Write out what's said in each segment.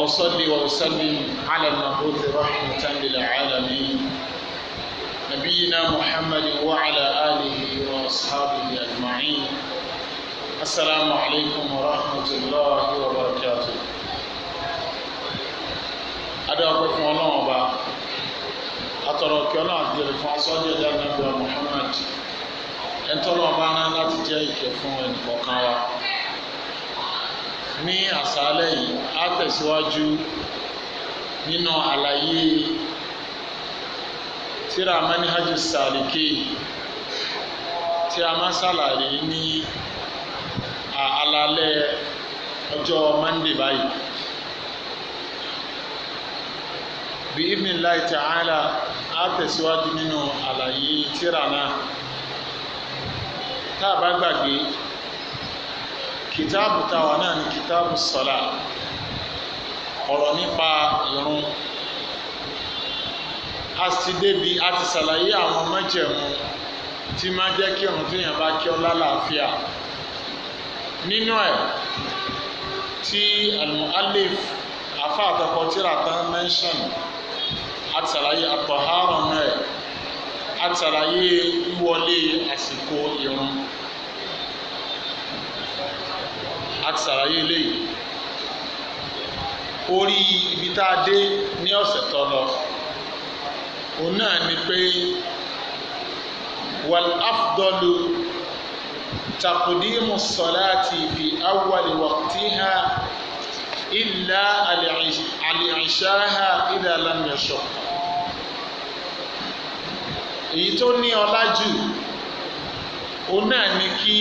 وأصلي وأسلم على المبعوث رحمة للعالمين نبينا محمد وعلى آله وأصحابه أجمعين السلام عليكم ورحمة الله وبركاته أدعوكم الله أبا أترك الله عبد الفاصل جدا محمد أنت الله معنا لا تجاهك فون وقاوة ní àṣálẹ́ yìí á tẹ̀síwájú nínú àlàyé tíra manihaju sàlìkè tí a máa ṣàlàyé ní àlàlẹ́ ọjọ́ mande báyìí. bí ibn láì ta'ala á tẹ̀síwájú nínú àlàyé tíra náà tá a bá gbàgbé kìtáàbù táwa náà ní kìtáàbù sọlá ọ̀rọ̀ nípa irun a ti débi a ti ṣàlàyé àwọn májẹ̀mú tí máa jẹ́ kí irun téèyàn bá kí ọ lálàáfíà nínú ẹ̀ tí alif afa àtọkọ tíra tán mẹ́ńṣọ̀n a ti ṣàlàyé àtọ̀hárọ̀ náà a ti ṣàlàyé wíwọlé àsìkò irun. ṣàlàyé eléyìí orí ibi tá a dé ní ọ̀sẹ̀ tó lọ òun náà ni pé wal afdalu taqdimu salati fi awwali waqtiha illa al-ishaha idha lam èyí tó ní ọlá jù òun náà ni kí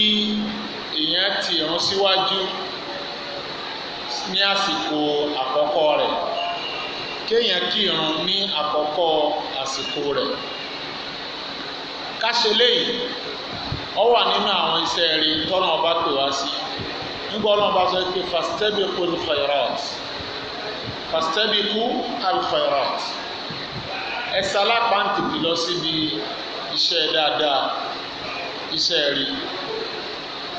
èèyàn ti rán síwájú. Si ní àsìkò àkọ́kọ́ rẹ̀ kéèyàn kírun ní àkọ́kọ́ àsìkò rẹ̀ káṣe léyìí ó wà nínú àwọn iṣẹ́ rí tọ́nà ọba pè wá sí nígbà ọlọ́run bá sọ pé fastabiqu al-khairat fastabiqu al-khairat ẹ sálápá ń tètè lọ síbi iṣẹ́ dáadáa iṣẹ́ rí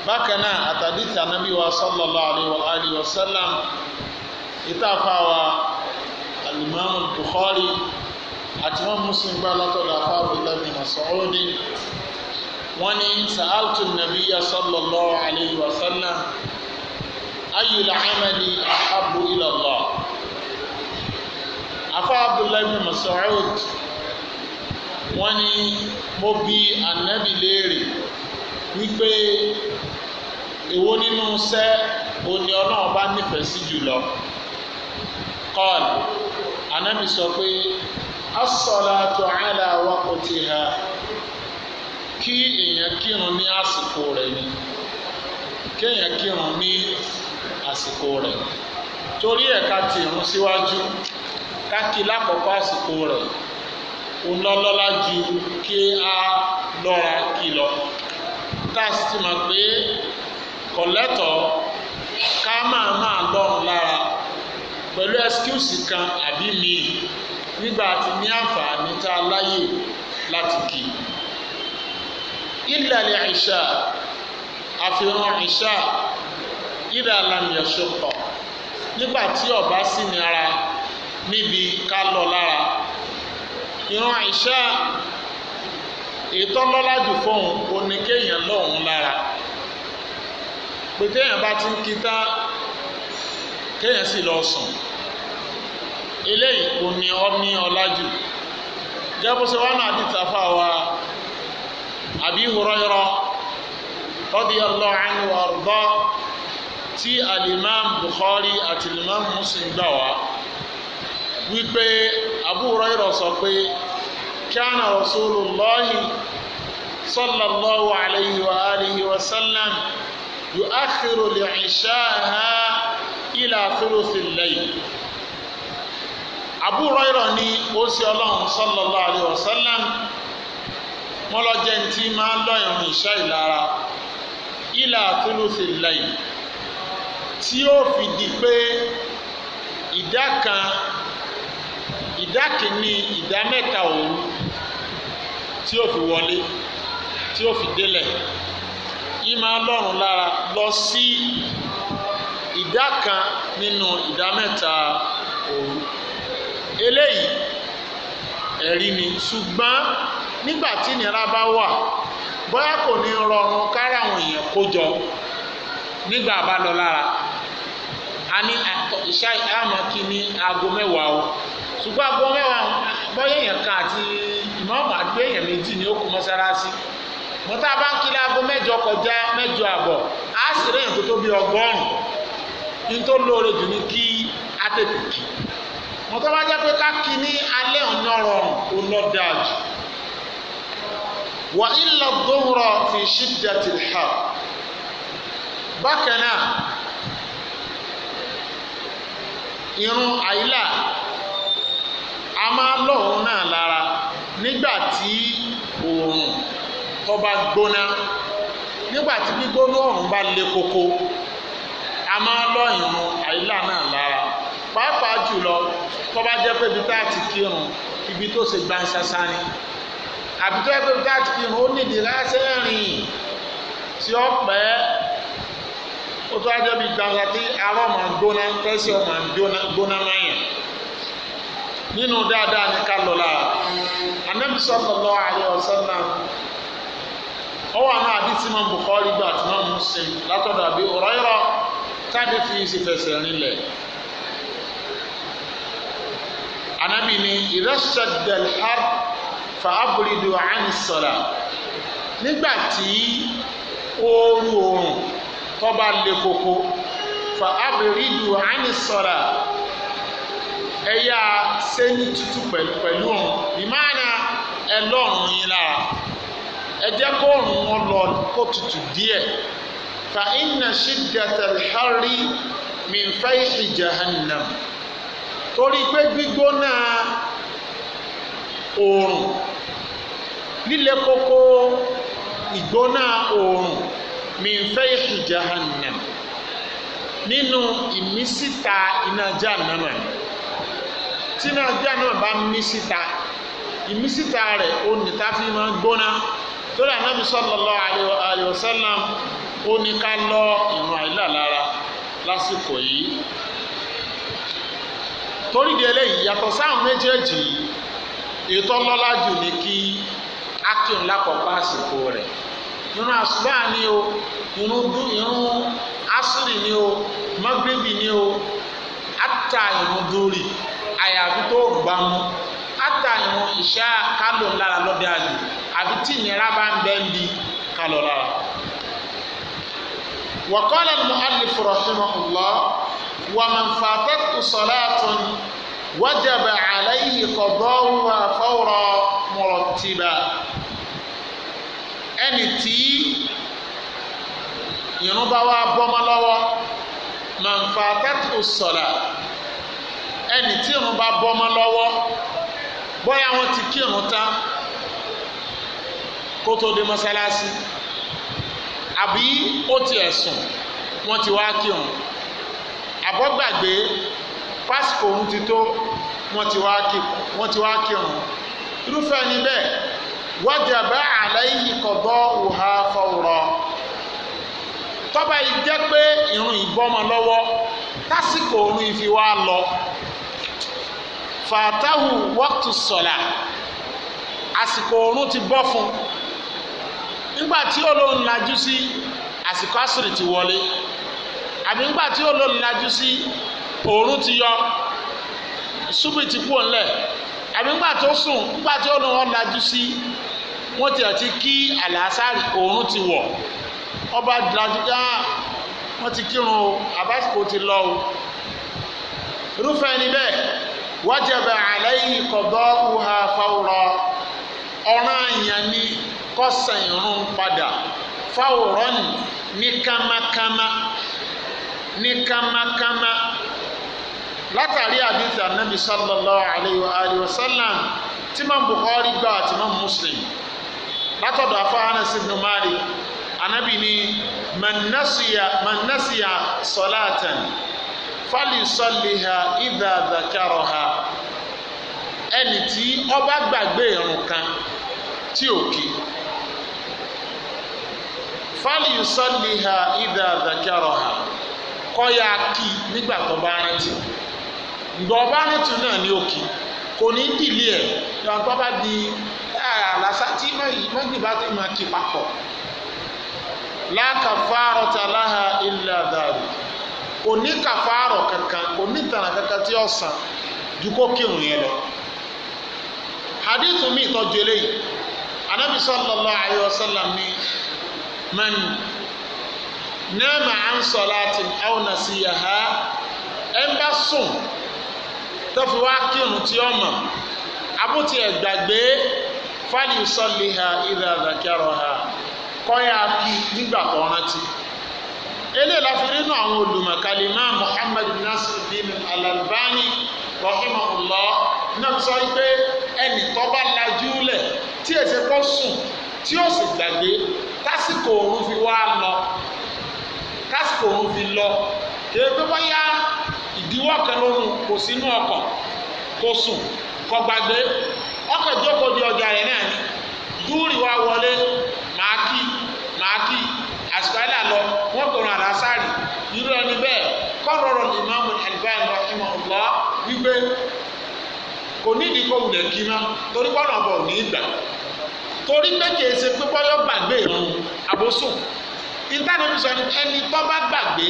bákan náà àtàdìtì ànábì wa sallallahu alayhi wa sallam ìtàfà wa alimami bukhari àti wọn muslim gba látọ̀dọ̀ afáàbù lẹ́nu masoodi wọn ni sa'altu nabiya sallallahu alayhi wa sallam ayyul amali ahabu ila Allah afáàbù masoodi wọn ni mo bi ànábì léèrè wípé èwo nínú sẹ́ òní ọlọ́run bá nífẹ̀ẹ́ sí jùlọ kọ́ọ̀lù anábì sọ pé as-salatu ala waqtiha kí èèyàn kírun ní àsìkò rẹ̀ ni kéèyàn kírun ní àsìkò rẹ̀ torí ẹ̀ka tìrún síwájú káàkiri lákòókò àsìkò rẹ̀ òun ju kí a lọ́ra kí lọ tá a sì ti mọ̀ pé kọ̀lẹ́tọ̀ ká máa máa lọ́run lára pẹ̀lú ẹ́skíùsì kan àbí míì nígbà tí ní àǹfààní tá a láyè láti kì í. ìlàlẹ̀ ìṣá àfihàn ìṣá ìdàlámì ọ̀ṣọ́kọ̀ nígbà tí ọba sì ní ara níbi ká lọ lára. ìran ìṣá ìtọ́lọ́lá jù fóun òní kéèyàn lọ́hùn lára pé téèyàn bá ti ń kíta kéèyàn sì lọ sùn eléyìí kò ní ọ ní ọlá jẹ́bùsẹ̀ wọn náà di tàfà wa Abi Hurairah radiyallahu anhu wa arda tí alimam Bukhari àti alimam Muslim gbà wá wípé Abu Hurairah sọ pé. كان رسول الله صلى الله عليه وآله وسلم يؤخر العشاء إلى ثلث الليل Abu Hurairah ní ó sì Ọlọ́run sallallahu alayhi wa sallam wọ́n lọ jẹ́ ntí máa ń lọ́yọ̀rùn ìṣá ìlara ila thuluthil layl tí ó fi di pé ìdá kan ìdá kìíní ìdá mẹ́ta òru tí ó fi wọlé tí ó fi délẹ̀ yìí máa lọ́rùn lára lọ sí ìdá kan nínú ìdá mẹ́ta òru eléyìí ẹ̀rí ni ṣùgbọ́n nígbà tí ìnira bá wà bóyá kò ní rọrùn kára àwọn èèyàn kó jọ nígbà bá lọ lára a ní iṣẹ́ àmọ́ kí ní aago mẹ́wàá o ṣùgbọ́n aago mẹ́wàá bóyá èèyàn kan àti ìmáàmù àdúgbò èèyàn méjì ni ó kú mọ́sálásí mọ́tà bá ń kí láago mẹ́jọ kọjá mẹ́jọ àbọ̀ á sì rí èèyàn tó tó ọgọ́rùn-ún ní tó lóore jù ní kí á tètè kí mọ́tà bá jẹ́ pé ká kí ní alẹ́ ọ̀nà rọrùn ó lọ dáa jù wà ilà dóhùrọ̀ fi ṣídà tì hà bákan náà irun àyílà a máa lọ́hùn náà nígbà tí oòrùn tó bá gbóná nígbà tí gbígbóná oòrùn bá le koko a máa lọ ìrun àyílà náà lára pàápàá jùlọ tó bá jẹ́ pé ibi tá a ti kírun ibi tó ṣe gbansasa ni àbí tó yẹ pé ibi tá a ti kírun ó nídìí láṣẹ rìn tí ó pẹ́ ó tó ajẹ́ bí gbansa tí arọ́ máa gbóná tẹ́sí ọ máa gbóná máa yàn nínú dáadáa ni ká lọ lára anabi sallallahu alaihi wasallam ọwọ́ àná àdìsí máa ń Bukhari gbà tí máa ń Muslim látọ̀dọ̀ àbí Huraira táàbí fi ṣe fẹsẹ̀ rinlẹ̀ anabi ni idha shadda al-harr fa abridu ani salat nígbà tí ooru oòrùn tó bá koko fa abridu ani ẹ̀yà sẹ́ni tútù pẹ̀lú òun ìmáàna ẹ lọ́rùn yín lára ẹ jẹ́ kó rùn wọn lọ kó tutù díẹ̀ fa inna shiddatal harri min fayhi jahannam torí pé gbígbóná oòrùn líle koko ìgbóná oòrùn min fayhi jahannam nínú ìmísíta iná jahannama tí iná jahannama bá mísíta ìmísítà rẹ̀ ó ní tá fi máa gbóná torí ànábì sallallahu alaihi wasallam ó ní ká lọ ìrun àìlà lára lásìkò yìí torí di eléyìí yàtọ̀ sáwọn méjèèjì ètò ọlọ́lá jù ní kí akíun lákọ̀ọ́kọ́ àsìkò rẹ̀ irun àsùbá ni o irun irun asiri ni o magrebi ni o ata irun dúrì àyàfi tó gbàmú ìṣá kálò ńlára lọ́dẹ àjò àfi tí ìnira bá ń bẹ́ ń bi kálò lára. وقال المؤلف رحمه الله ومن فاتته صلاة وجب عليه قضاؤها فورا مرتبا ẹni tí ìrun bá wá bọ́mọ́ lọ́wọ́ man فاتته الصلاة ẹni tí ìrun bá bọ́mọ́ lọ́wọ́ bóyá wọ́n ti kírun tán kó tó dé mọ́sálásí àbí ó tiẹ̀ sùn wọ́n ti wá kírun àbọ̀gbàgbé pásítọ̀ òun ti tó wọ́n ti wá kírun irúfẹ́ ẹni bẹ́ẹ̀ wájàbá àlàyé kọ̀dọ̀ òhà fọwọ́rọ́ tọ́ba yìí jẹ́ pé ìrun ìbọ́mọ lọ́wọ́ tásìkò òun ìfi wá lọ fàtàhù wọ́ọ̀tù sọ̀là àsìkò oorun ti bọ́ fún nígbà tí olóhùn lajú sí àsìkò àsìrì ti wọlé àbí nígbà tí olóhùn lajú sí oorun ti yọ ṣubú ti kú ọ̀nlẹ̀ àbí nígbà tó sùn nígbà tí olóhùn lajú sí wọ́n ti àti kí àlàásárì oorun ti wọ̀ ọba lajú ah, wọ́n ti kírun o àbásìkò ti lọ o irúfẹ́ ẹni bẹ́ẹ̀ wájàbà àlẹ́yìn kọ̀dọ̀ uha fáwọ̀rọ̀ ọ̀ràn àyàn ni kọ́sàn ìrún padà fáwọ̀rọ̀ ní kámákámá ní kámákámá látàrí àdìsí ànábì sallallahu alayhi wa alihi wa sallam tí Imam Bukhari gbà àti Imam Muslim látọ̀dọ̀ afáhánà síbi mari ànábì ni man nasiya man falisọ́lìhà ìdá àdàkárọ̀hà ẹni tí ọba gbàgbé irun kan tí ò kí falisọ́lìhà ìdá àdàkárọ̀hà kí nígbà tó bá rántí ọba rántí náà ní òkì kò ní dìlé ẹ̀ yọ̀n bá di àlàsà tí mọ́jì bá ti máa kí papọ̀ láàkàfà àrọ̀tà láha ilẹ̀ kò ní kàfàárọ̀ kankan kò ní tànà kankan tí ó san ju kó kírun yẹn lọ hadith mi ìtọ́jú eléyìí anabi sallallahu alayhi wa sallam ni man nẹ́ẹ̀mà à ń sọ láti aw nasiyaha ẹ̀ ń bá sùn tó kírun tí ó mọ̀ abúti ẹ̀gbàgbé fali yusalliha idha dhakaraha kí nígbà tó rántí. eléyìí la fi rí inú àwọn olùmọ̀kàlì máa Muhammad Nasiruddin Al-Albani rahimahullah náà sọ pé ẹnì tó bá lajú lẹ̀ tí èsì sùn tí ó sì gbàgbé tásìkò òun fi wá lọ tásìkò òun fi lọ kí ebi ya ìdíwọ́ kan lóru kò sínú ọkọ kò sùn kò gbàgbé ọkọ̀ ìjókòó di ọjà náà wípé kò wulẹ̀ torí pọ́nà ọ̀bọ̀ ní ìgbà torí pé kìí ṣe pé gbàgbé ìrun àbòsùn ìtànàbí ẹni tó gbàgbé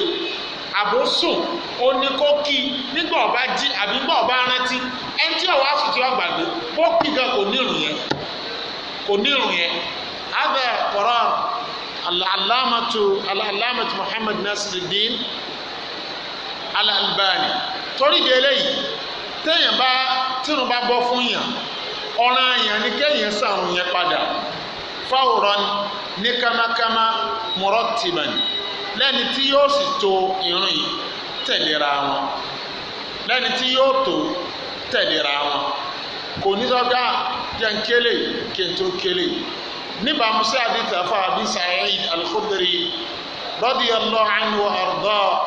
nígbà ọba jí àbí nígbà ọba rántí ẹni tí ọwọ́ gan kọrọ alamatu alamatu torí téèyàn bá tírun bá bọ́ fún yàn ọ̀ràn yàn ni kéèyàn sàrùn yẹn padà fáwòrán ní kámákámá mọ́rọ́tìmọ̀nì lẹ́ni tí yóò sì to irun yìí tẹ̀lera wọn lẹ́ni tí yóò tó tẹ̀lera wọn kò ní sọ́gá jẹ́ ń kélé kí n tó kélé Abi Sa'id Al-Khudri radiyallahu anhu wa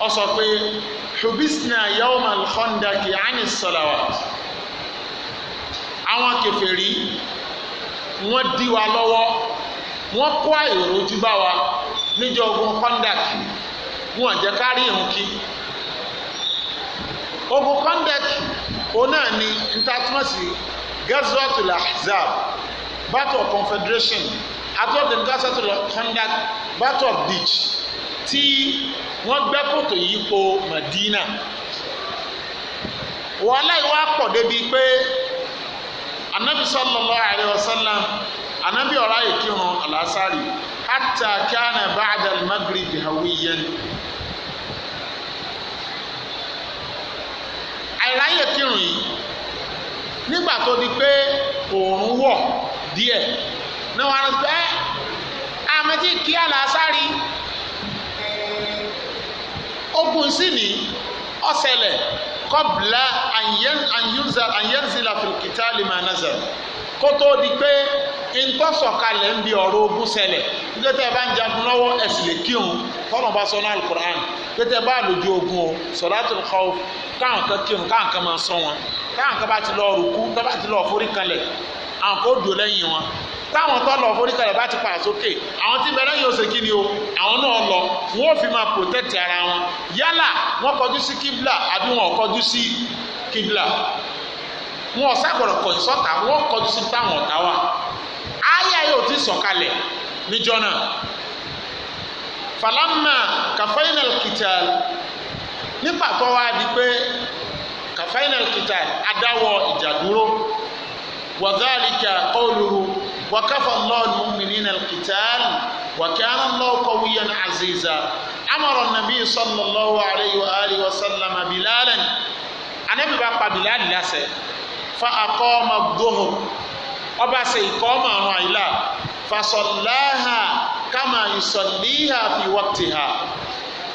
ọ sọ pé hubisna yawma al-khandaki ani salawat àwọn kèfèrí wọ́n dí wa lọ́wọ́ wọ́n kó àìrójú bá wa níjọ́ ogun kọ́ńdàkì wọn jẹ́ ká rí irun kí ogun kọ́ńdàkì òun náà ni ntatumọ̀sí gazatul ahzab battle of confederation atop the gazatul kọ́ńdàkì battle of ditch tí wọ́n gbẹ́ kòtò yípo Madina wàhálà yìí wá pọ̀ débi pé anabi sallallahu alayhi wa sallam anabi ọ̀rá yìí kírun alasari hatta kana ba'da al-maghrib hawiyan. àìráyè kírun yìí nígbà tó di pé òòrùn wọ̀ díẹ̀ náà wọ́n á rántí pé àmọ́ tí kí alásárì ogun sí ni ọ̀sẹ̀lẹ̀ kọ́bùlà àyẹ̀nzìlà fìlìkìtà lèmọ̀ ànàzà kó tó di pé ntọ́sọ̀kalẹ̀ ń bi ọ̀rọ̀ ogun ṣẹlẹ̀ nígbà tẹ́ ẹ bá ń jagun lọ́wọ́ ẹ̀sìn lè kí òun tọ́nà bá sọ náà alukur'an nígbà tẹ́ ẹ bá lójú ogun o sọ̀dátùl khawf káwọn kan kí òun káwọn kan máa sọ wọn káwọn kan bá ti lọ rùkú tó bá ti lọ forí kanlẹ̀ àwọn kan ó dùn lẹ́yìn wọn táwọn tó lọ forí kalẹ̀ bá ti pa sókè àwọn tí bẹ̀rẹ̀ yóò ṣe kí ni o àwọn náà lọ wọn ò fi máa protect ara wọn yálà wọn kọjú sí kíbla àbí wọn ò kọjú sí kíbla wọn ò ságbọ̀dọ̀ kọjú sọ́tà kọjú sí táwọn ọ̀tá wa àyà yóò ti sọ̀kalẹ̀ níjọ́ náà falama kafaina kital nígbà tó wá di pé kafaina kital adáwọ̀ ìjà dúró wàdálìkà kọ́ọ̀lùrù. وكفى الله المؤمنين القتال وكان الله قويا عزيزا أمر النبي صلى الله عليه وآله وسلم بلالا النبي بقى بلال لسه فأقام الظهر أبسي قام عيلا فصلاها كما يصليها في وقتها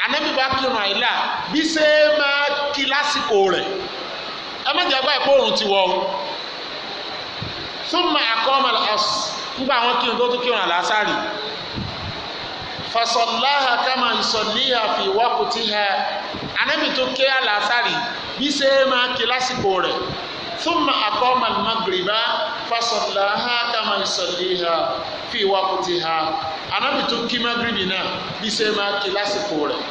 anabi bá kírun àìlà bí ṣe máa kí lásìkò rẹ̀ ẹ má jẹ́ súnmọ́ àkọ́mọ́ ọ̀sùn nígbà wọn kírun tó tún kírun àlásàrì fasọláha kama nsọlíha fi wákùtìha anabi tó ké àlásàrì bí ṣe é máa ké lásìkò rẹ̀ súnmọ́ àkọ́mọ́ magriba fasọláha kama nsọlíha fi wákùtìha anabi tó ké magribi náà bí ṣe é máa ké lásìkò rẹ̀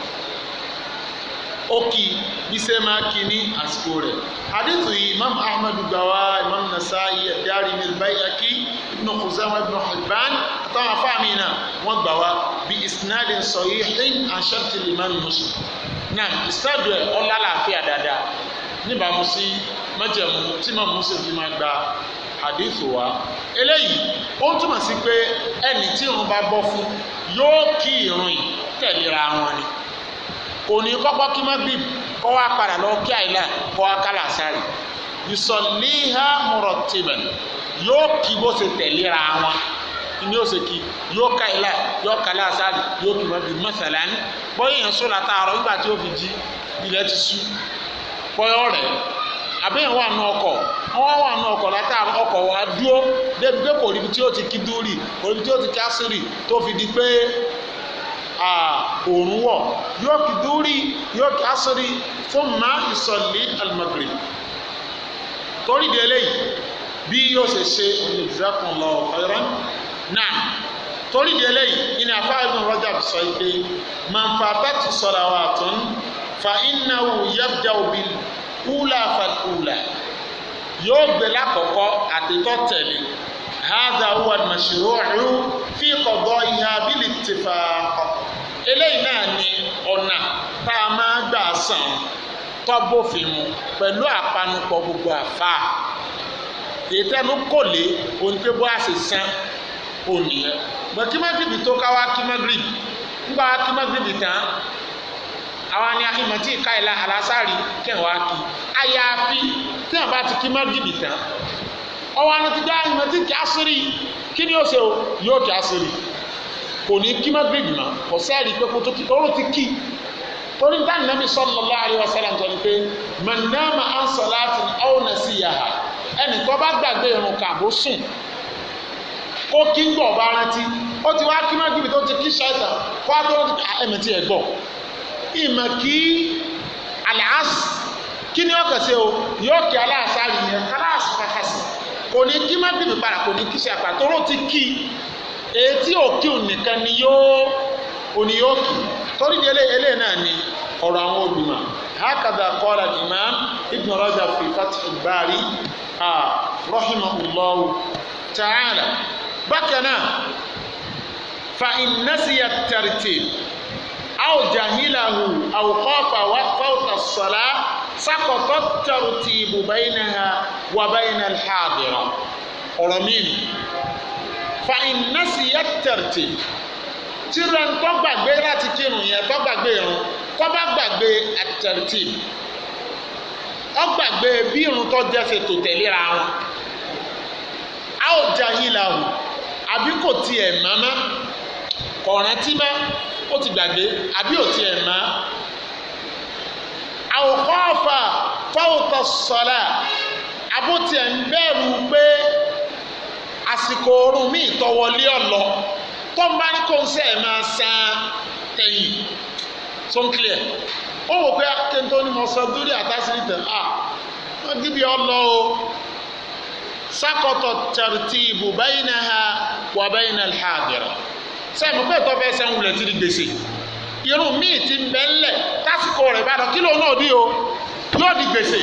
ó kì í bí sẹ́ máa kì í ní àsìkò rẹ̀ hadithu yìí imam ahmed gbawa imam nasai dari milbai aki ibn kuzama ibn hibban àtàwọn afáàmì náà wọ́n gbà wá bí isnadin sahihin ashabti liman muslim náà isnadu ẹ̀ ọ̀la làáfíà dáadáa níbàámu sí májẹ̀mú tí imam muslim fi máa gba hadithu wa eléyìí ó túmọ̀ sí pé ẹni tí irun bá bọ́ fún yóò kí irun yìí tẹ̀léra wọn ni. kò ní kọ́kọ́ kí magrib kọ́ wá padà lọ kí àìlà kọ́ wá kálà sáré yusọ̀líhà mọ̀rọ̀tìbẹ̀ yóò kí bó ṣe tẹ̀léra wọn ni yóò ṣe kí yóò ká àìlà yóò kálà sáré yóò kí magrib mẹ́sàlá ní bóyá èèyàn sọ̀rọ̀ àtàrọ̀ nígbà tí ó fi jí ilẹ̀ ti sú bóyá ọ̀rẹ́ àbẹ́yẹn wà nù ọkọ̀ wọ́n wà nù ọkọ̀ látàrí ọkọ̀ wa dúró débi pé kò ríbi tí ó ti kí dúrì kò ríbi tí ó ti kí ásírì tó fi di pé òòrùn wọ̀ yóò kí dúrí yóò kí asọ́rí fún ma ìsọ̀lì al-maghrib torí di eléyìí bí yóò ṣe ṣe jazakumullahu khairan náà torí di eléyìí ìní afáàbí Rajab sọ pé man fatatu salawatun fa innahu yabda'u bil ula fal ula yóò gbé lákọ̀ọ́kọ́ àtẹ̀tọ́ tẹ̀lé hadha huwa al fi qada'iha bil ittifaq. eléyìí náà ni ọ̀nà tá a máa gbà sàn tọ́bófin mu pẹ̀lú àpanupọ̀ gbogbo àfa ìtẹnu kò lé san òní yẹn gbọ̀n tó ká wá kí mọ́gìrìbì wá kí tán àwa ni ahimọ̀ tí ìka ìlà wá kí àyàfi tí àbá ti tán ọwọ́ ti dá yóò kí kò ní kí magrib mọ́ kò sẹ́ẹ̀rí pé kó tó kí tọ́rọ ti kí torí dáhùn nàbí sallallahu alaihi wasallam tó ní pé man nama an salatin aw nasiyaha ẹnì kan bá gbàgbé irun kàbó sùn kó kí ń gbọ̀ bá rántí ó ti wá kí magrib tó ti kí ṣẹ́ta kó á tó ah, ẹ̀mí ti ẹ̀ gbọ̀ ìmọ̀ kí àlàásì kí ni ọkọ̀ ṣe o yóò kí aláàṣà yìí yẹn aláàṣà kò ní kí magrib padà kò ní kí ṣe àpàtóró ti kí etí òkìun nìkan ni yóò òní yóò kì torí di eléyìí náà ni ọ̀rọ̀ àwọn olùmọ̀ hakada kọ́ra imam ibn Rajab fi Fathul Bari rahimahullahu ta'ala bákan náà fa innasiya tartib aw jahilahu aw khafa wa fawta as-salah sakọtọ tartibu baynaha wa ọ̀rọ̀ mìíràn fàìnàsì yẹtẹrìtì tìrẹ ń tọ́ gbàgbé láti kírun yẹn tọ́ gbàgbé irun kọ́ bá gbàgbé àtẹrìtì ọ gbàgbé bí irun tó jẹ́ ṣe tò tẹ̀léra wọn a ò já yín la o àbí kò tiẹ̀ mọ́mọ́ kò rántí mọ́ ó ti gbàgbé àbí ò tiẹ̀ mọ́ àwòkọ́ ọ̀fà fọ́wọ́tọ̀ sọ̀lá àbótiẹ̀ ń bẹ̀rù pé àsìkò oorun míì tọwọlé ọ̀lọ́ tó ń bá ní kó ń sẹ́ ẹ̀ máa san ẹ̀yìn tó ń clear ó wò pé akéńtó ni mo sọ dúró àtàsí ìtàn à wọ́n dìbì ọlọ́ o sakọtọ tartibu bayinaha wa bayina alhadira sẹ́yìn mo pé ìtọ́ fẹ́ sẹ́yìn wulẹ̀ ti di gbèsè irun míì ti ń bẹ́ ńlẹ̀ tásìkò rẹ̀ bá dọ̀ kí lóun náà di o yóò di gbèsè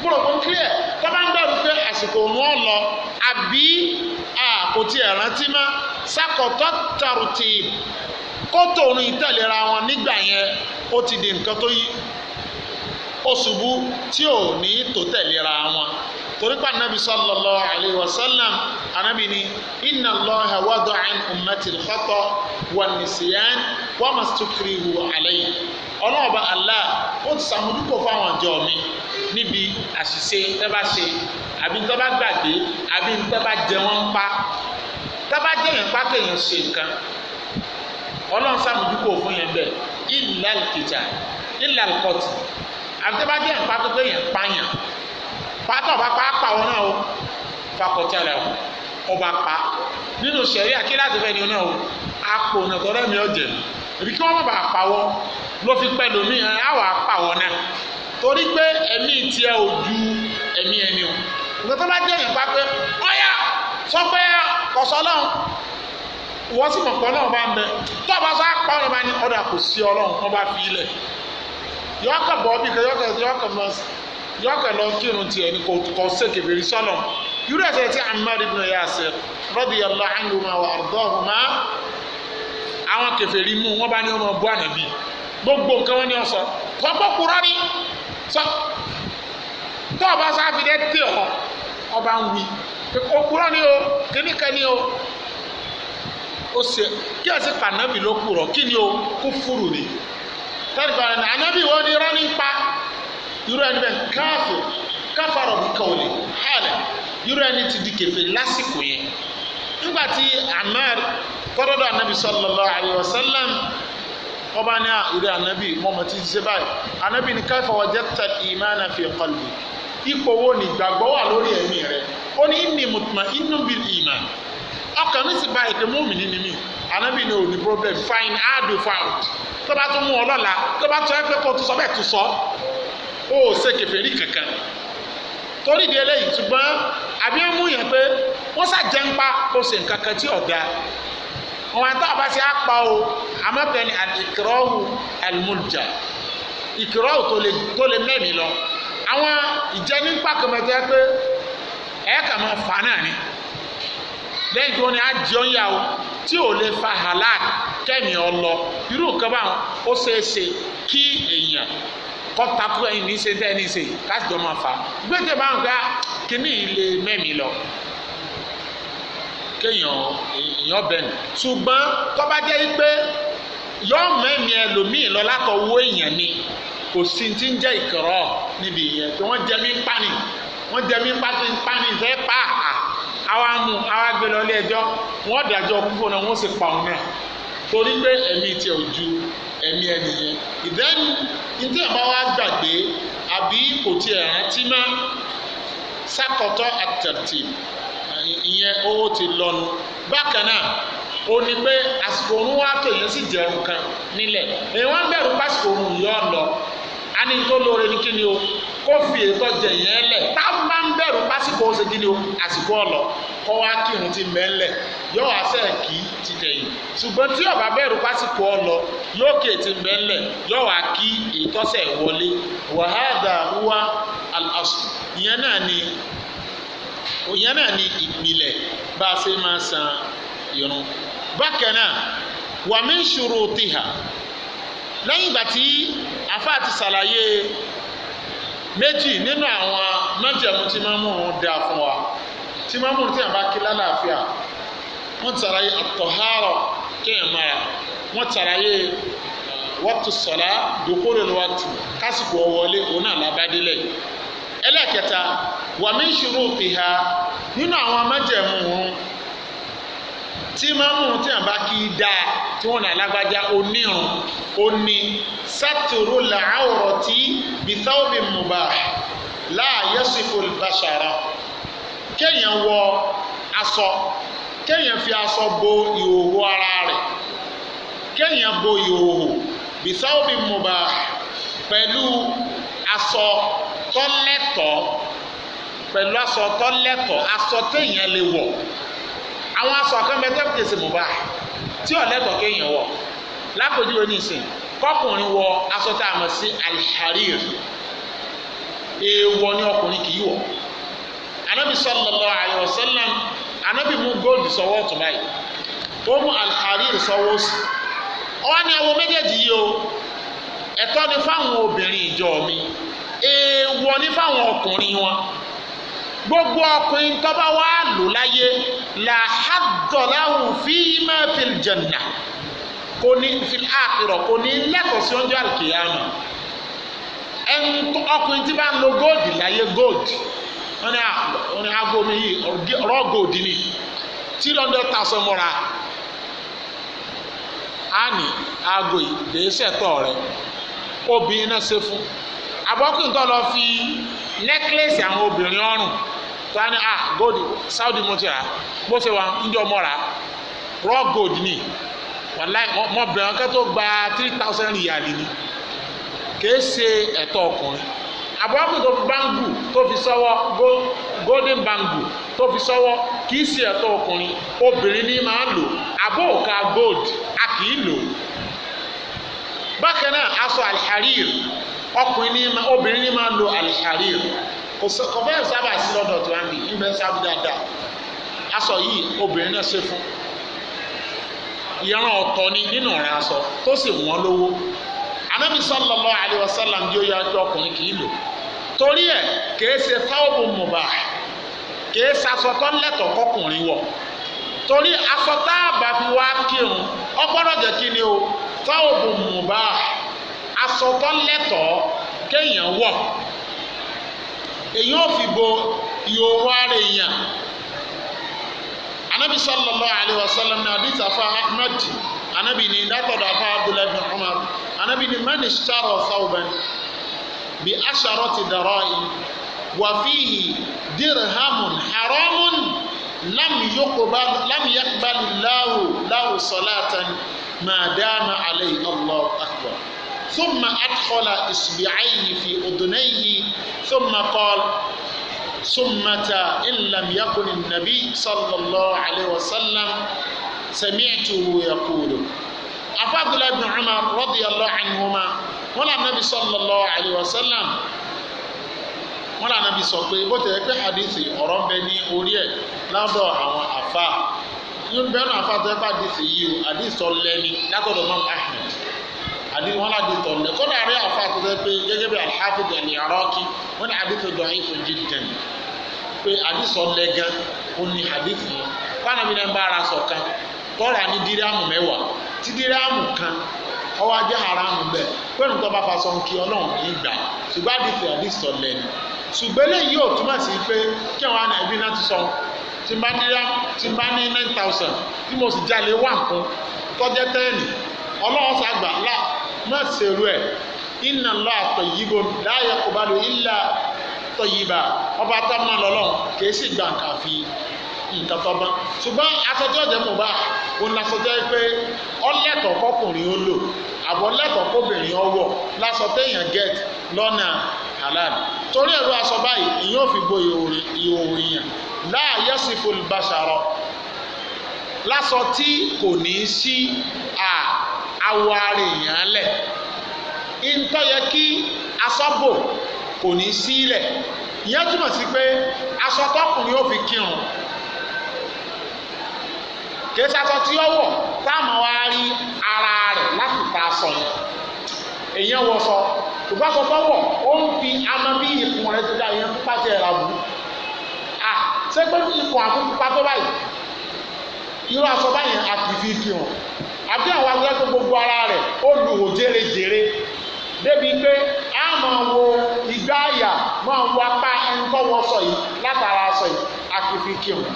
gbọ́dọ̀ kó ń clear pé àsìkò òun ọ̀ lọ àbí kò tiẹ̀ rántí mọ́ sákòtọ́ tàrùtì kótó òun ìtẹ̀lera wọn nígbà yẹn ó ti di nǹkan tó yí oṣùbù tí ò ní tó tẹ̀lera wọn torí pa anabi sallallahu alayhi wa sallam anabi ni inna allaha wada'a an ummati al-khata wa an-nisyan wa mastukrihu alayhi ọlọ́ọ̀bá Allah ó ti sàmójúkò fáwọn ọjọ́ mi níbi àṣìṣe tẹ́bá ṣe àbí tẹ́bá gbàgbé àbí tẹ́bá jẹ wọ́n pa tẹ́bá jẹ yẹn pa kéèyàn ṣe nǹkan ọlọ́run sàmójúkò fún yẹn bẹ́ẹ̀ ìlà ìkìjà ìlà ìkọ̀tì àbí tẹ́bá jẹ yẹn pa kéèyàn pààyàn pàtó ọba pa pa náà o fakọtí alẹ o ọba pa nínú sẹ̀rí àkíláàtì fẹ́ ni ọ náà o apò nàtọ́rẹ́ mi ọ̀jẹ̀ èbí kí wọ́n má bàa pa wọ́n ló fi pẹ́ lómi hàn á wà á pàwọ̀ náà torí pé ẹ̀mí tiẹ̀ ò ju ẹ̀mí ẹni o nǹkan tó bá jẹ́ yẹn pa pé ọ̀yà sọ pé kọ̀sọ́ lọ́hùn wọ́n sì mọ̀ pé ọlọ́run bá ń bẹ tó o bá sọ apá ọ̀rẹ́ bá ní ọ̀dà kò sí ọlọ́run wọ́n bá fi ilẹ̀ yọ̀ọ́kà bọ̀ bí kan yọ̀ọ́kà lọ kírun tiẹ̀ ní kò sèké bèrè sọ́nà irú ẹ̀sẹ̀ tí Ammar ibn Yasir radiyallahu anhuma wa ardahuma àwọn kèfèrí mú wọn bá ní ọmọ bọ́ ànábì gbogbo nǹkan wọn ni ọ sọ kọ́kọ́ kúrọ́ ni sọ tó ọba sáfi dé tè ọ ọba ń wí okúrọ́ ni o kíníkan ni o ó ṣe kí ọ̀sìn pànábì ló kúrọ̀ kí ni o kú fúru ni tẹ́lẹ̀ kan ní ànábì wo ni rán ní pa irú ẹni bẹ́ẹ̀ káfù káfàrọ̀ bí kan ò lè hàlẹ̀ irú ẹni ti di kẹfẹ́ lásìkò yẹn nígbà tí amẹ́r tọ́dọ̀dọ̀ ànábì sallallahu alaihi wasallam ọba ní ah, ìrẹ́ ànábì mọ́mọ́ ti ṣe báyìí ànábì ní kaifa wajadta al-imana fi qalbi ipò wo ni ìgbàgbọ́ wà lórí ẹ̀mí rẹ̀ ó ní inni mutma'innun bil iman ọkàn mi sì bá ètò mọ́mìnì ni mí ànábì ní òní problem fine i'll do fine tó bá tún mú ọ lọ́la tó bá tún ẹ pé kó o tún sọ bẹ́ẹ̀ tún sọ ó ṣe kèfèrí kankan torí di eléyìí ṣùgbọ́n àbí ẹ mú yẹn pé wọ́n ṣàjẹ́ ń kó ṣe nǹkan kan tí ọ̀dà wọn tá a bá ṣe apá o amẹ́tọ́ ni ìkìrọ́wù ẹ̀lmúlùjà ìkìrọ́wù tó lè mẹ́mí lọ àwọn ìjẹni pàkàmẹ́tẹ́ pé ẹ̀ kà máa fà náà ni lẹ́yìn tí wọ́n ní àjẹun yà o tí ò lè fa halak kẹ́mi ọlọ irú nǹkan báwọn ó ṣeé kí èèyàn kọ́takú ẹ̀yìn ní ṣe tẹ́ ẹ ní ṣe káṣíjọ́ máa fà gbẹ́tẹ̀ báwọn gba kíní ilé mẹ́mí lọ kéèyàn èèyàn bẹ̀ nù ṣùgbọ́n tọ́ba jẹ́ pé yọ mẹ́mí ẹlòmíì lọ látọwọ́ èèyàn ni kò sí ti ń jẹ́ ìkọ̀rọ̀ níbi ìyẹn tí wọ́n jẹ mí pani wọ́n jẹ mí pani pani fẹ́ pa àwa mú àwa gbé lọ ilé ẹjọ́ wọ́n dàjọ́ púpọ̀ náà wọ́n sì pa òun náà torí pé ẹ̀mí tiẹ̀ ò ju ẹ̀mí ẹnìyẹn ìdẹ́nu ìdí ẹ̀bá wa gbàgbé àbí kò tiẹ̀ rántí mọ́ sákọ̀tọ̀ àtẹ̀tì ìyẹn ó ti lọnu bákan náà o ní pé àsìkò òun wá tó èèyàn sì kan nílẹ̀ èèyàn wọn bẹ̀rù pásìkò òun yọ ọ lọ a tó lóore ní kíni o kó fi ètò ọjà yẹn lẹ̀ tá a máa ń bẹ̀rù pásìkò ó ṣe kíni o àsìkò ọlọ kọ́ wá kírun ti mẹ́lẹ̀ yóò wá sẹ́ kí ti tẹ̀yìn ṣùgbọ́n tí ó bá pásìkò ọ̀lọ́ yóò kè ti mẹ́lẹ̀ yóò wá kí ètò ọ̀sẹ̀ wọlé wàhálà wá ìyẹn náà ni òyìn náà ni ìpìlẹ̀ bá a ṣe máa san irun bákan náà wa min shurutiha lẹ́yìn ìgbà tí afa ti ṣàlàyé méjì nínú àwọn májẹ̀mú tí máa mú òun dáa fún wa tí máa mú òun tí àbá kí lálàáfíà wọ́n ti ṣàlàyé àtọ̀hárọ̀ kéèyàn mára wọ́n ti ṣàlàyé waqtu sọ̀lá dòkórè tù kásìkò ọ̀wọ́lé òun náà lábádélẹ̀ ẹlẹ́ẹ̀kẹta wa min shurutiha nínú àwọn májẹ̀mú òun tí máa mú tí àbá kí í dáa tí wọ́n ní alágbájá onírun oní sátúrú làáwòrọ̀tì bìtáwòbì mùbà láàyè sífòlì bàṣàrà kéèyàn wọ aṣọ kéèyàn fi aṣọ bo ìhòòhò ara rẹ̀ kéèyàn bo ìhòòhò bìtáwòbì mùbà pẹ̀lú aṣọ pẹ̀lú aṣọ tó lẹ́tọ̀ aṣọ téèyàn lè wọ̀ àwọn aṣọ akẹ́mẹ́tẹ́ tètè mọ̀ bá tí ò lẹ́tọ̀ kéèyàn wọ̀ lápèjúwe nísìn kọkùnrin wọ aṣọ tá a mọ̀ sí alharir èèwọ̀ ni ọkùnrin kì í wọ̀ anabi sallallahu alayhi wa sallam anabi mú gold sọwọ́ ọ̀tún báyìí ó mú alharir sọwọ́ sí ọ ní àwọn méjèèjì yìí o ẹ̀tọ́ ni fáwọn obìnrin ìjọ mi èèwọ̀ ni fáwọn ọkùnrin wọn gbogbo ọkùnrin tó bá wà lò láyé la hadda lahu fima fil janna kò ní fil akhirah kò ní lẹ́tọ̀ọ́ sí ọjọ́ àlùkìyàmà ọkùnrin tí bá ń lo góòdì láyé góòdì wọ́n ní aago mi yìí rọ́ góòdì ni three hundred thousand mọ́ra á ní aago yìí lè ṣètọ́ rẹ̀ obìnrin náà ṣe fún àbọ̀kù nǹkan lọ fi nẹ́kílẹ̀sì àwọn obìnrin ọrùn tó á ní à góòdì sáúdì mo ti rà bó ṣe wà ń jọ mọ́ rà raw gold ni wàláì mọ bẹ̀rẹ̀ kẹ́ tó gba three thousand riyali ni kìí ṣe ẹ̀tọ́ ọkùnrin àbọ̀kù tó fi bangu tó fi sọ́wọ́ golden bangu tó fi sọ́wọ́ kìí ṣe ẹ̀tọ́ ọkùnrin obìnrin ni máa lò àbọ̀ọ̀ka gold a kìí lò bákan náà aṣọ alharir ọkùnrin ní ma obìnrin ní máa lo o kò bẹ́ẹ̀ sábà sí lọ́dọ̀ tó wá ń bì í bẹ́ẹ̀ sábà dáadáa aṣọ yìí obìnrin náà ṣe fún ìran ọ̀tọ̀ ni nínú ọ̀rẹ́ aṣọ tó sì wọ́n lówó anábì sallallahu alaihi wasallam bí ó yá pé ọkùnrin kì í lò torí ẹ̀ kìí ṣe fáwọ́bù mùbà kìí ṣaṣọ tó lẹ́tọ̀ọ́ kọkùnrin wọ̀ torí aṣọ tá a bá fi wá kírun ọgbọ́dọ̀ jẹ́ kí ni o fáwọ́bù mùbà asọ̀tọ̀ lẹ́tọ̀ọ́ kéèyàn wọ̀ èyí ò fi bo ìhòòhò ara èèyàn anabi sallallahu alayhi wa sallam na hadith afa ahmed anabi ni látọ̀dọ̀ afa abdullahi bin umar anabi ni man ishtara thawban bi asharati dara'in wa fihi dirhamun haramun lam yuqbal lam yaqbal lahu lahu salatan ma dama alayhi allahu akbar. ثم أدخل إصبعيه في أذنيه ثم قال ثمة إن لم يكن النبي صلى الله عليه وسلم سمعته يقول عبد الله بن عمر رضي الله عنهما ولا النبي صلى الله عليه وسلم wọ́n lànà bí sọ pé bó tẹ̀ pé hadithi ọ̀rọ̀ ń bẹ ní orí ẹ̀ lọ́dọ̀ àwọn àfa ń bẹ́ẹ̀ náà àfa tó ẹ bá hadithi yìí o hadithi tó lẹ́ni látọ̀dọ̀ mọ́mú ahmed àbí wọn láti tọ̀ ní kọ́dà rí àfa tó fẹ́ pé gẹ́gẹ́ bí alhafidh al-Iraqi wọn ní àbí tó dọ̀ ayé fún jiddan pé àbí sọ lẹ́gàn ó ní àbí fún yẹn fáwọn mi náà ń bá ara sọ kan tọ́ra ní dírámù mẹ́wàá tí dírámù kan ọwọ́ ajé haramu bẹ́ẹ̀ pẹ̀lú tó bá fasọ̀ kí ọlọ́run kì í gbà ṣùgbọ́n àbí fún àbí sọ lẹ́nu ṣùgbọ́n eléyìí ò túmọ̀ sí má ṣerú ẹ̀ inna Allah tayyibun la yaqbalu illa tayyiba ọba tá a máa lọ lọ kìí sì gbà nǹkan fi nǹkan tó bá ṣùgbọ́n asọjọ́ jẹ́ mọ̀ bá òun la sọjọ́ pé ọlẹ́tọ̀ kọkùnrin ó lò àbọ̀ lẹ́tọ̀ kóbìnrin ó wọ̀ lásọ téèyàn get lọ́nà halal torí ẹ̀rọ aṣọ báyìí ìyẹn ò bo ìhòòhò yẹn láàyè sí fúlùbáṣàrọ̀ lásọ tí kò ní í sí à awọ ara èèyàn lẹ̀ ntọ́yẹ kí asọ́bò kò ní sí ilẹ̀ ìyẹn túmọ̀ sí pé aṣọ tọkùnrin ó fi kírun kì í ṣaṣọ tí ó wọ̀ táàmù wa rí ara rẹ̀ láti ta aṣọ yẹn èèyàn wọ sọ ṣùgbọ́n aṣọ tó wọ̀ ó ń fi amọ bí ìkùn rẹ̀ ti da ìyẹn pípa tiẹ̀ ra bù à ṣé pé ikùn àti pípa tó báyìí irú aṣọ báyìí àti fi kírun àbí àwọn agbẹ́ tó gbogbo ara rẹ̀ ó lu òjèrèjèrè débi pé a máa wo igbá àyà máa wo apá ẹni tó yìí látara sọ yìí àkìfi kírun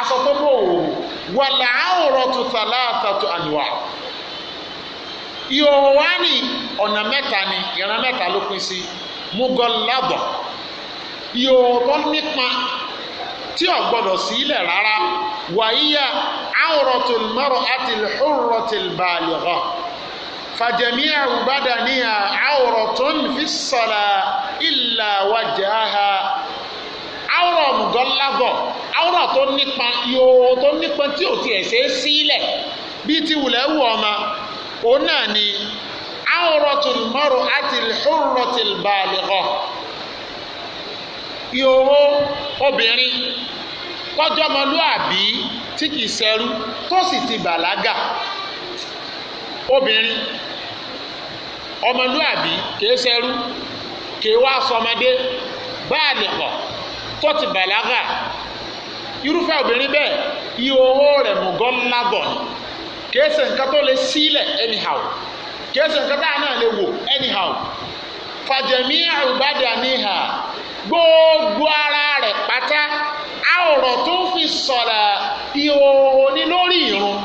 aṣọ tó bò wò wọlé àwòrán tuntun aláàtàtù àníwá ìhòòhò ọ̀nà mẹ́ta ni ìran mẹ́ta ló pín sí mugọ́lábọ̀ ìhòòhò tó nípa tí ò gbọdọ̀ sí ilẹ̀ rárá wàyíyá awratul mar'atil hurratil baligha fajami'u badaniha awratun fis sala illa wajhaha awrọ̀ mùgọ́lágọ̀ awrọ̀ tó nípa yòó tó nípa tí ò tiẹ̀ ṣe é sílẹ̀ bí ti wùlẹ̀ wù ọmọ òun náà ni awratul mar'atil hurratil baligha yòó. obìnrin kọjọ́mọlúàbí tí kìí ṣẹrú tó sì ti bàlágà obìnrin ọmọlúàbí kìí ṣẹrú kìí wá sọmọdé báàlì pọ̀ tó ti bàlágà irúfẹ́ obìnrin bẹ́ẹ̀ owó rẹ̀ mùgọ́ ni ṣe nǹkan anyhow ṣe nǹkan gbogbo ara rẹ pátá àwòrán tó fi sọ̀rọ̀ ìhòòhò ní lórí ìrun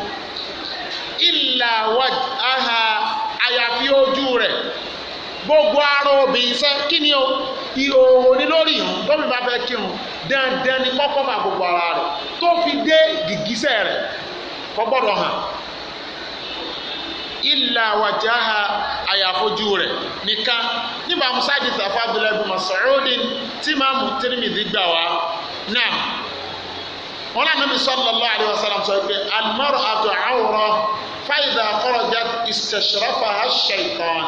ìlà wàhà àyàfi ojú gbogbo ara obi ise kí o ìhòòhò ní lórí ìrun lómi bá fẹ́ kírun dandan ni kọ́kọ́ fà gbogbo ara tó fi dé ìlà wàjáhà àyàfojú rẹ̀ nìkan nígbà musáàdì tàfà abdullahi bin masoud tí máàmù tirimidi gbà wá náà wọn náà nàbí sallallahu alaihi wasallam sọ pé alimọrọ àtọ àwòrán fáyidà kọrọjà ìṣẹṣẹrọfà ṣẹtàn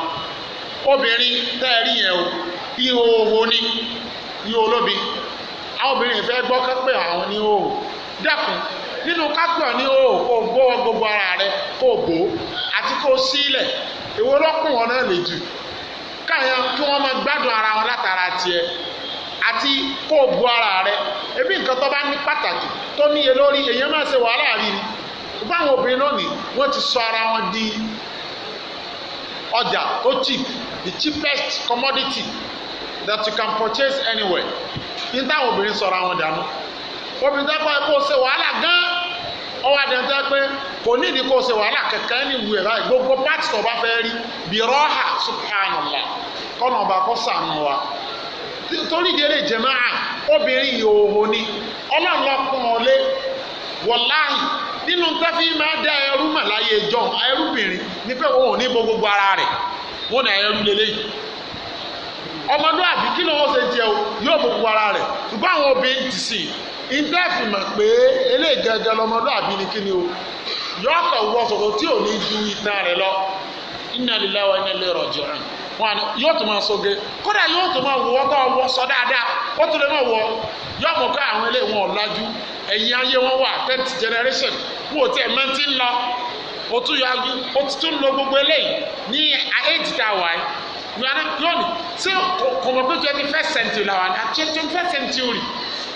obìnrin tẹ́ẹ̀rí yẹn o ihò òhò ni ihò olóbi àwọn obìnrin fẹ́ gbọ́ kápẹ́ àwọn ní òhò dákun nínú kápẹ́ ní òhò kò gbọ́ gbogbo ara rẹ kò bò ó kó sílẹ̀ èwo lọ́kùn wọn náà lè jù káyọ̀ kí wọ́n máa gbádùn ara wọn látara tiẹ̀ àti kó o bu ara rẹ ebi nǹkan tó bá ní pàtàkì tó níye lórí èèyàn máa ṣe wàhálà rí ni ìgbà àwọn obìnrin lónìí wọ́n ti sọ ara wọn di ọjà tó cheap the cheapest commodity that you can purchase anywhere ní táwọn obìnrin sọ̀rọ̀ àwọn dànù obìnrin tó bá kó o ṣe wàhálà gan ọwọ́ adẹ́ntẹ́ pé kò nídìí kó o ṣe wàhálà kẹ̀kẹ́ ní ìwé rà gbogbo pàtì tó bá fẹ́ rí bí rọ́hà subhanallah kọ́nà ọba kó sànù wa torí ìdílé jẹ̀máà obìnrin yòòhò ni ọlọ́ọ̀lọ́kùn ọ̀lẹ́ wọ̀láì nínú tẹ́fí máa dá ẹrú mà láyé john ẹrúbìnrin ní pé òun ò ní bo gbogbo ara rẹ̀ wọ́n náà ẹrú lélẹ́yìí ọmọdún àbí kí ló ń ṣe jẹ́ o yóò bo gbogbo ara rẹ̀ ṣùgbọ́n àwọn obìnrin ti sìn ìdẹ́fì mọ̀ pé eléyìí gangan lọmọdún àbí ni kí ni o yọ ọkọ̀ wọ sọ̀rọ̀ tí ò ní ju itan rẹ̀ lọ inna lillahi wa inna ilaihi raji'un wọn àná yóò tún máa soge kódà yóò tún máa wọ ọkọ̀ wọ sọ dáadáa ó tún lè máa wọ yọ mọ̀ ká àwọn eléyìí wọn ọ̀làjú ẹ̀yìn ayé wọn wà tenth generation wọn ò tiẹ̀ mẹ́ntì ń lọ ó tún yọ ajú ó tún lo gbogbo eléyìí ní age tá a wà yìí yọ̀ọ́nà yọ̀ọ́nì tí kò pé twenty first century làwọn àti twenty first century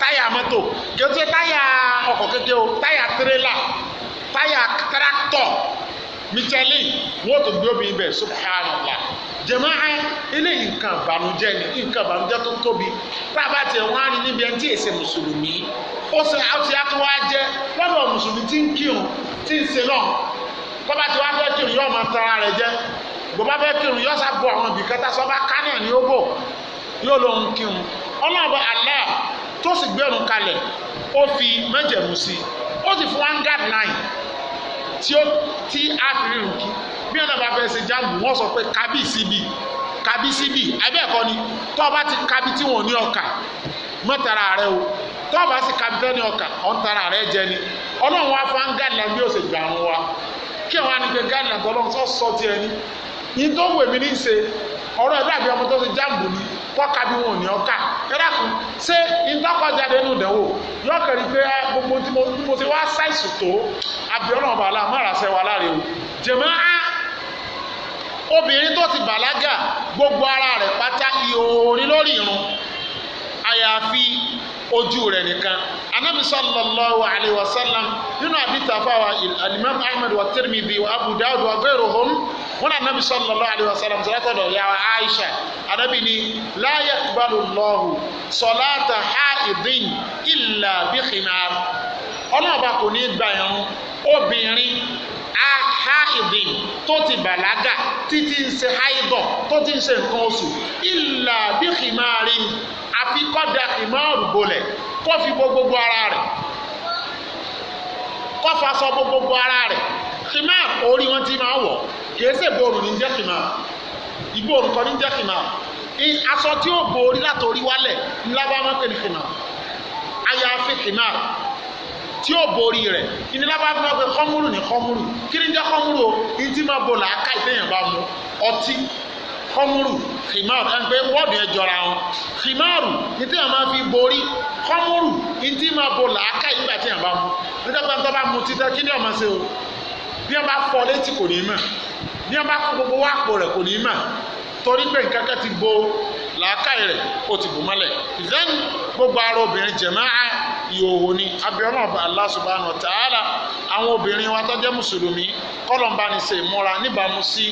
táyà mọ́tò kí o ti táyà ọkọ̀ kékeré o táyà tirẹ́là táyà tractor michelin wọ́n tó gbé obìnrin bẹ̀ subhanallah jẹ̀mọ́ ẹ ilé nǹkan ìbànújẹ́ ni nǹkan ìbànújẹ́ tó tóbi tá a bá tiẹ̀ wọ́n á rí níbi ẹni tí èsè mùsùlùmí ó sì àti àtúwá jẹ́ lọ́dọ̀ mùsùlùmí tí ń kírun tí ń ṣe náà bọ́bá tí wàá fẹ́ kírun yóò máa tara rẹ̀ jẹ́ bọ́bá fẹ́ kírun yóò sá àwọn ibìkan tá a sọ bá ká náà ní ó bò yóò lóun kírun ọlọ́ọ̀bọ Allah tó sì gbé ọ̀run kalẹ̀ ó fi májẹ̀mú sí i ó sì fún one guard line tí ó tí a fi rírun kí bí ọ̀nà bá fẹ́ ṣe jáàmù wọ́n sọ pé kábí síbi kábí síbi ẹ̀bẹ́ ni tó o bá ti kábí tí wọ́n ní ọkà mọ́tara rẹ o tó o bá sì kábí tó ní ọkà ọ̀ntara rẹ jẹ ni ọlọ́run wa fún one guard line bí ó ṣe gbà àrùn wa kí àwọn anìgbẹ́ guard line tọ́lọ́run sọ sọ tiẹ̀ ni yìí tó wù mí ní í ṣe ọ̀rọ̀ ẹ̀dá àbí ọmọ tó ṣe jáàmù ni kọ́ kábí wọn ò ní ọkà ẹ̀rọ kù ṣé ìtọ́kọ̀jáde nù dẹ̀wò yọ kẹ̀rí pé ah, gbogbo tí mo ti wá ṣàìsù tó abiola ọba àlà má ràṣẹ wà láre o jẹ̀mọ́ á obìnrin tó ti bàlágà gbogbo ara rẹ̀ pátá ìhòòhò ní lórí irun àyàfi ojú rẹ nìkan anabi sallallahu alayhi wa sallam nínú àdìtà fáwọn alimami ahmed wa tirmidhi wa abu dawud wa ghayruhum wọn anabi sallallahu alayhi wa sallam sọlátọdọ yàrá aisha anabi ni la yaqbalu Allahu sọláta haidin illa bi khimar ọlọ́ọ̀bá kò ní gbà irun obìnrin haidin tó ti bàlágà títí ń ṣe haidọ̀ tó ti ń ṣe nǹkan oṣù illa bi khimarin àfi kọ́dà ìmọ̀ọ́rù bolẹ̀ kó fi bo gbogbo ara rẹ̀ kó faṣọ bo gbogbo ara rẹ̀ kìmá orí wọn ti máa wọ̀ kìí ṣe ìbòrùn ní jẹ́ kìmá ìbòrùn kan ní jẹ́ kìmá aṣọ tí ó bo orí látòrí wálẹ̀ ńlá bá máa pè ní kìmá àyàfi kìmá tí ó borí rẹ̀ ìnira bá fún ọ pé kọ́múrù ní kọ́múrù kí ni jẹ́ kọ́múrù o ìdí máa bo làákà ìtẹ̀yìn bá mu ọtí kọ́múrù khimaru ẹ̀ ń pé wọ́ọ̀dù ẹ̀ jọra wọn khimaru ní tí a máa fi borí kọ́múrù ní tí máa bo làákà ìgbà tí a bá mu nítorí pé tó bá mu títẹ́ kí ni ọmọ ṣe o bí wọ́n bá fọ létí kò ní mọ̀ bí wọ́n bá kó gbogbo wá àpò rẹ̀ kò ní mọ̀ torí pé nǹkan kan ti bo làákà rẹ̀ ó ti bò mọ́lẹ̀ then gbogbo ara obìnrin jẹ̀máà ìhòòhò ni abiyọ́nà ọba Allah subhanahu àwọn obìnrin wa tó mùsùlùmí kọ́lọ̀mbá ni ṣe múra níbàámu sí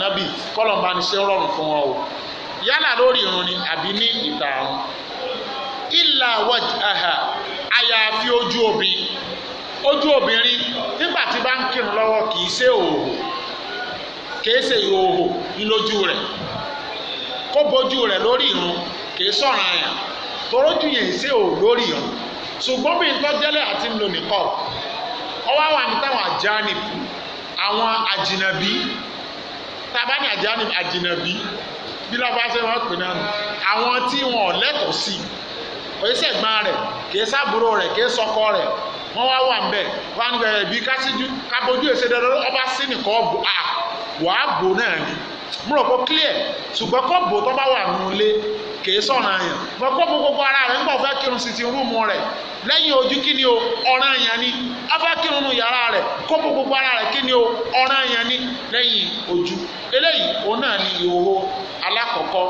nábì ni ṣe rọrùn fún wọn o yálà lórí irun ni àbí ní ìta àrùn aha wajhaha àyàfi ojú obi ojú obìnrin nígbà tí bá ń kírun lọ́wọ́ ṣe òòhò kìí ṣe òòhò rẹ̀ kó tọrọ ju yẹn ṣe ò lórí yàn ṣùgbọ́n bí ìtọ́jẹ́lẹ̀ àti ńlò nìkọ́ ọwọ́ àwọn àtàwọn àjáni àwọn àjìnàbí tàbá ní àjáni àjìnàbí bí lábáṣẹ́ wọn pè náà àwọn tí wọn ò lẹ́tọ̀ọ́ sí òye sẹ́gbọ́n rẹ̀ kì í sábúrò rẹ̀ kì í sọkọ rẹ̀ wọ́n wá wà mbẹ́ wọ́n bẹ̀rẹ̀ bí kásíjú kábójú èsè dandan ọba sí nìkan ọ̀bù à wàá bò náà ni mo rò pé clear ṣùgbọ́n kọ́ bò tó bá wà nù lé kìí sọ̀rọ̀ àyàn mọ̀ kó fún gbogbo ara rẹ̀ ń bọ̀ fẹ́ kírun sí ti rúùmù rẹ̀ lẹ́yìn ojú kí ni o ọ̀ràn àyàn ni a fẹ́ kírun nu yàrá rẹ̀ kó fún gbogbo ara rẹ̀ kí ni o ọ̀ràn àyàn ni lẹ́yìn ojú eléyìí òun náà ni ìhòòhò alákọ̀ọ́kọ́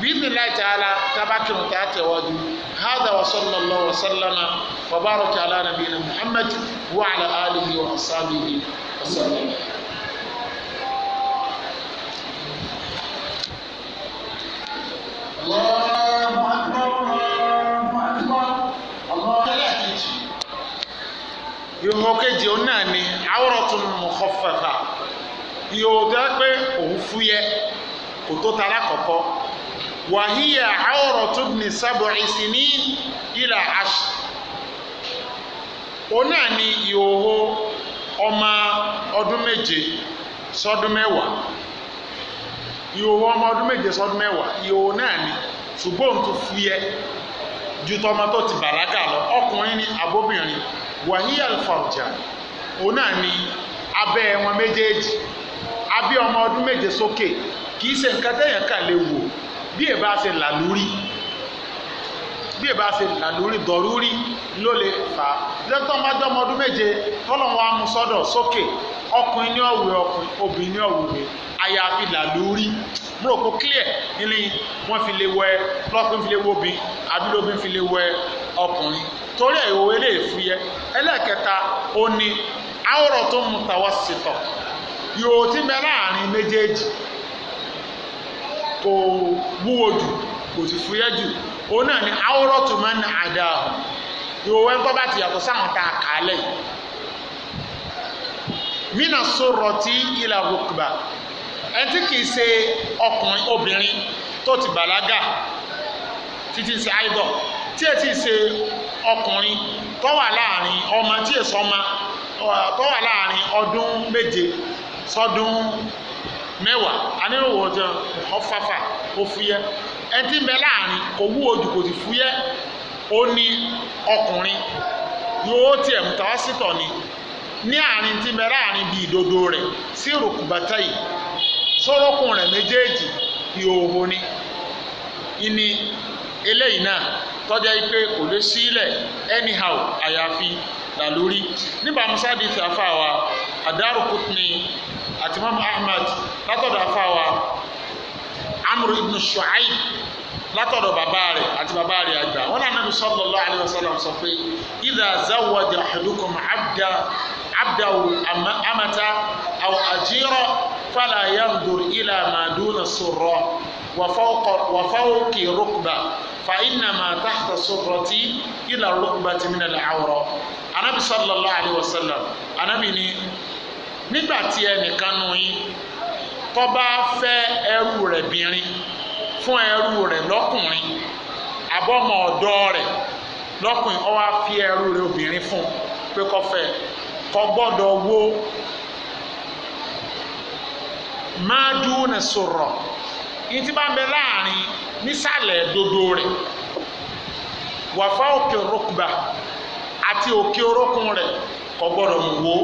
bíbí láì tààlà tábà kírun tá a tẹ̀wájú hádà wa sallallahu wa sallama wa baraka ala nabiyina muhammad wa ala alihi ìhò kejì òun náà ni awratun mukhaffafa ìhò tó yẹ pé òun fúyẹ́ kò tó tara kọ̀kọ́ wàhíyà awratu ibni sab'i sinin ila ashr òun náà ni ìhòhò ọmọ ọdún méje sọdún mẹ́wàá ìhòòhò ọmọ ọdún méje sọdún mẹ́wàá ìhòòhò náà ni ṣùgbọ́n òun tún fúyẹ́ ju tọmọ tó ti bàlágà lọ ọkùnrin ni abóbìnrin wàyí àlùfàrùjà òun náà ni abẹ́ wọn méjèèjì abẹ́ ọmọ ọdún méje sókè kì ṣe nǹkan tẹ̀yàn lè wò bí èèbá ṣe là lórí bí ìbá ṣe làlúrí dọ̀rúrí ló lè fà á dókítà máa jọ ọmọ ọdún méje tọ́lọ́wọ́ amúsọ́dọ̀ sókè ọkùnrin ní ọ̀wẹ̀ ọkùnrin obìnrin ní ọ̀wẹ̀ àyàfi làlúrí mo rò pé clear nílé wọ́n fi lè wẹ lọ́kùnrin fi lè wẹ obìnrin àbí lóbìnrin fi lè wẹ ọkùnrin torí ẹ̀ ìwòye lè fi yẹ ẹlẹ́ẹ̀kẹta ó ní àwòrán tó mú tàwa sìtọ̀ yòó ti mẹ láàrin méjèèjì kò wúwo jù kò sì fúyẹ́ jù òun náà ni awúrọ́tù máa ń na àdá o ìwòwé ńkọ́ bá ti yàtọ̀ sáwọn tá a kà á lẹ̀ mina sọ̀rọ̀ tí ilà rukba ẹni tí kìí ṣe ọkùnrin obìnrin tó ti bàlágà títí ṣe àìdọ̀ tí èsì ṣe ọkùnrin tó wà láàrin ọmọ tí èso ọmọ tó wà láàrin ọdún méje sọdún mẹ́wàá aníròwò ọjọ́ ọfàfà ó ẹtí ń láàrin kò wú ojú kò sì ó ní ọkùnrin yóò tiẹ̀ mú ni ní àárín tí láàrin bíi ìdodo rẹ̀ sí yìí sọ́rọ́kùn rẹ̀ méjèèjì ni ìní eléyìí náà tọ́jà yìí pé kò lè sílẹ̀ anyhow àyàfi làlórí níbàámu sáàdì tí a fà wá àdárùkùtù àti mọ́mú Ahmad látọ̀dọ̀ amr ibn shu'aib látọ̀dọ̀ bàbá rẹ̀ àti bàbá rẹ̀ àgbà wọn náà nàbí sallallahu alaihi wasallam sọ pé idha zawwaja ahadukum abda abdahu amata aw ajira fala yandur ila ma duna surra wa fawqi rukba fa inna ma tahta surrati ila rukbati min al-awra anabi sallallahu alaihi wasallam anabi ni nígbà tí ẹnìkan nù yín tó bá fẹ́ ẹrú rẹ̀ bìnrin fún ẹrú rẹ̀ lọ́kùnrin àbọ̀mọ̀ ọ̀dọ́ rẹ̀ lọ́kùnrin ó wá fi ẹrú rẹ̀ obìnrin fún pé kó fẹ́ kó gbọ́dọ̀ wó máa dúró ní sọ̀rọ̀ yìí tí bá ń bẹ láàrin nísàlẹ̀ dodo rẹ̀ wàfà òkè rọkùbà àti òkè orókùn rẹ̀ kò gbọ́dọ̀ mú wó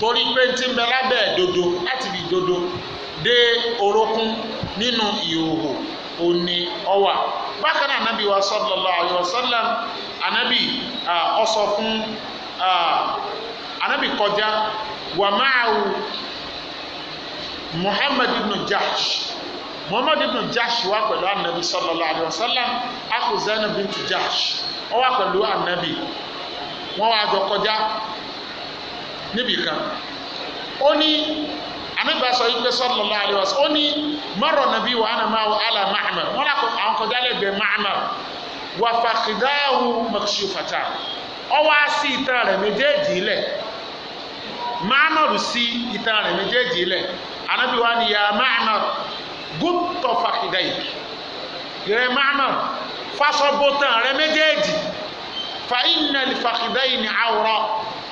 torí pé tí ń bẹ lábẹ́ dodo láti fi dodo de orokun nínú ìhòhò òní ọwà bákan náà anabi wa sallallahu alayhi wa anabi ọsọ fún anabi kọjá wà máàwù muhammad ibn jahsh muhammad ibn jahsh wà pẹ̀lú anabi sallallahu alayhi wa sallam akuzana bint jahsh ó wà pẹ̀lú anabi wọ́n wá jọ kọjá níbìkan ó ní ànábì sọ yìí pé sallallahu alaihi wasallam ó ní marra nàbí wa ana máa wọ ala Ma'mar wọn làkọ àwọn kọjá lẹ́gbẹ̀ẹ́ Ma'mar wà fàkìdáhù makshufata ọwọ́ á sí ìtàn rẹ̀ méjèèjì lẹ̀ Ma'mar sí ìtàn rẹ̀ méjèèjì lẹ̀ ànábì wa ni ya Ma'mar gúntọ̀ fàkìdáyì rẹ̀ Ma'mar fásọ bọ́tàn rẹ̀ méjèèjì fa inna fàkìdáyì ni àwòrán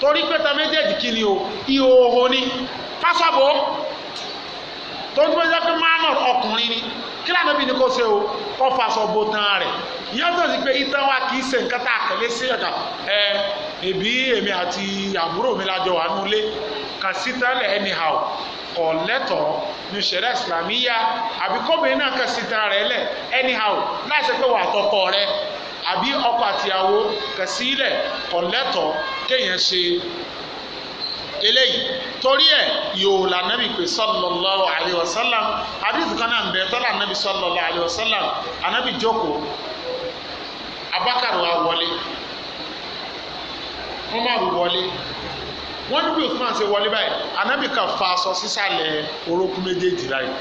torí pé ta méjèèjì kí ni o ìhòòhò ni pásọ̀bù tó ń gbé jẹ́ pé márùn ọkùnrin ni kí lànà bí ni kò ṣe o kò fàṣọ bo tan rẹ̀ yàtọ̀ sí pé ìtàn wa kì í ṣe nǹkan tá a tẹ̀lé sí ẹ̀ka ẹ ẹbí èmi àti àbúrò mi lájọ wà nílé kà sí tẹ́lẹ̀ anyhow ọ̀lẹ́tọ̀ ní ṣẹ̀rẹ́ ìsìlámíyà àbí kọ́bìnrin náà kà sí tẹ́lẹ̀ rẹ̀ lẹ̀ anyhow láì ṣe pé wà á tọkọ rẹ̀ àbí ọkọ àtìyàwó kẹsílẹ̀ kọ̀lẹ́tọ̀ kéèyàn ṣe eléyìí torí ẹ yòó la pé sallallahu alayhi wa sallam hadith kan náà bẹ tọ́lá nabi sallallahu alayhi wa sallam anabi jókòó abakar wa wọlé umar wọlé wọn ní bí usman wọlé báyìí anabi kan fa aṣọ sísàlẹ̀ orókún méjèèjì báyìí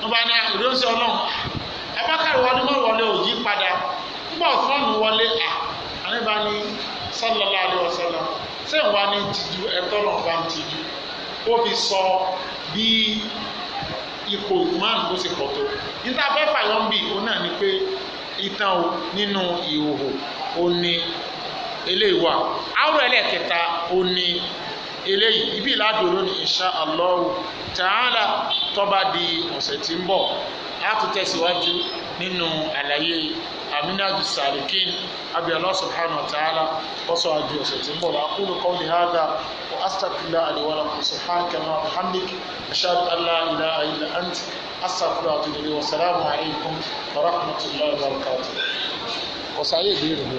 wọn bá ní ah, ìrẹsì Ọlọ́run abakar wọlé mọ wọlé òyìn padà nígbà Usman wọlé à àníbá ní sallallahu alaihi wasallam ṣé ìwà ní tìjú ẹ̀tọ́ náà bá ń tìjú ó fi sọ bí ipò Usman bó ṣe pọ̀ tó níta fẹ́ fàyọ̀ ń bì òun náà ni pé ìtàn o nínú ìhòhò ó ní eléyìí wà áwòrán ẹlẹ́ẹ̀kẹta ó ní eléyìí ibi ìlàdúró ní insha Allah ta'ala tó bá di ọ̀sẹ̀ tí ń bọ̀ á tún tẹ̀síwájú. nínú àlàyé aminadu salikin abi Allah subhanahu wa ta'ala wọ́sọ̀ àjò ọ̀sẹ̀ tí ń bọ̀ aqulu qawli hadha wa astaghfirullah li wa lakum subhanaka wa bihamdik ashhadu an la ilaha illa ant astaghfiruka wa atubu ilayhi wa salamu alaykum wa rahmatullahi wa barakatuh ọ̀sẹ̀ ayé ìbéèrè mi.